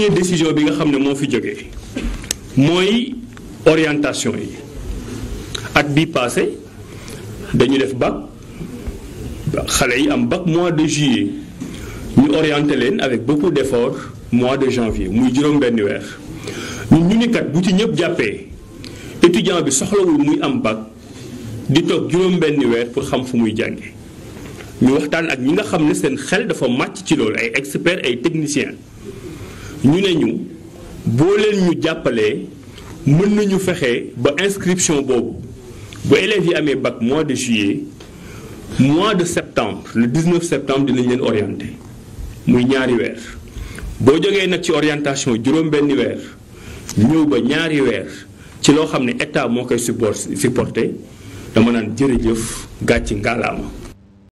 première décision bi nga xam ne moo fi jógee mooy orientation yi at bi passé dañu def bac xale yi am bac mois de juillet ñu orienté leen avec beaucoup d'efforts mois de janvier muy juróom-benn weer ñun ñu ni bu ci ñëpp jàppee étudiant bi soxlawul muy am bac di toog juróom-benn weer pour xam fu muy jànge ñu waxtaan ak ñi nga xam ne seen xel dafa màcc ci loolu ay experts ay techniciens ñu ne ñu boo leen ñu jàppalee mën nañu fexe ba inscription boobu bu élèves yi amee bac mois de juillet mois de septembre le 19 septembre dinañ leen orienté muy ñaari weer boo jógee nag ci orientation juróom-benni weer ñëw ba ñaari weer ci loo xam ne état moo koy support dama naan jërëjëf gàcci ngaalaama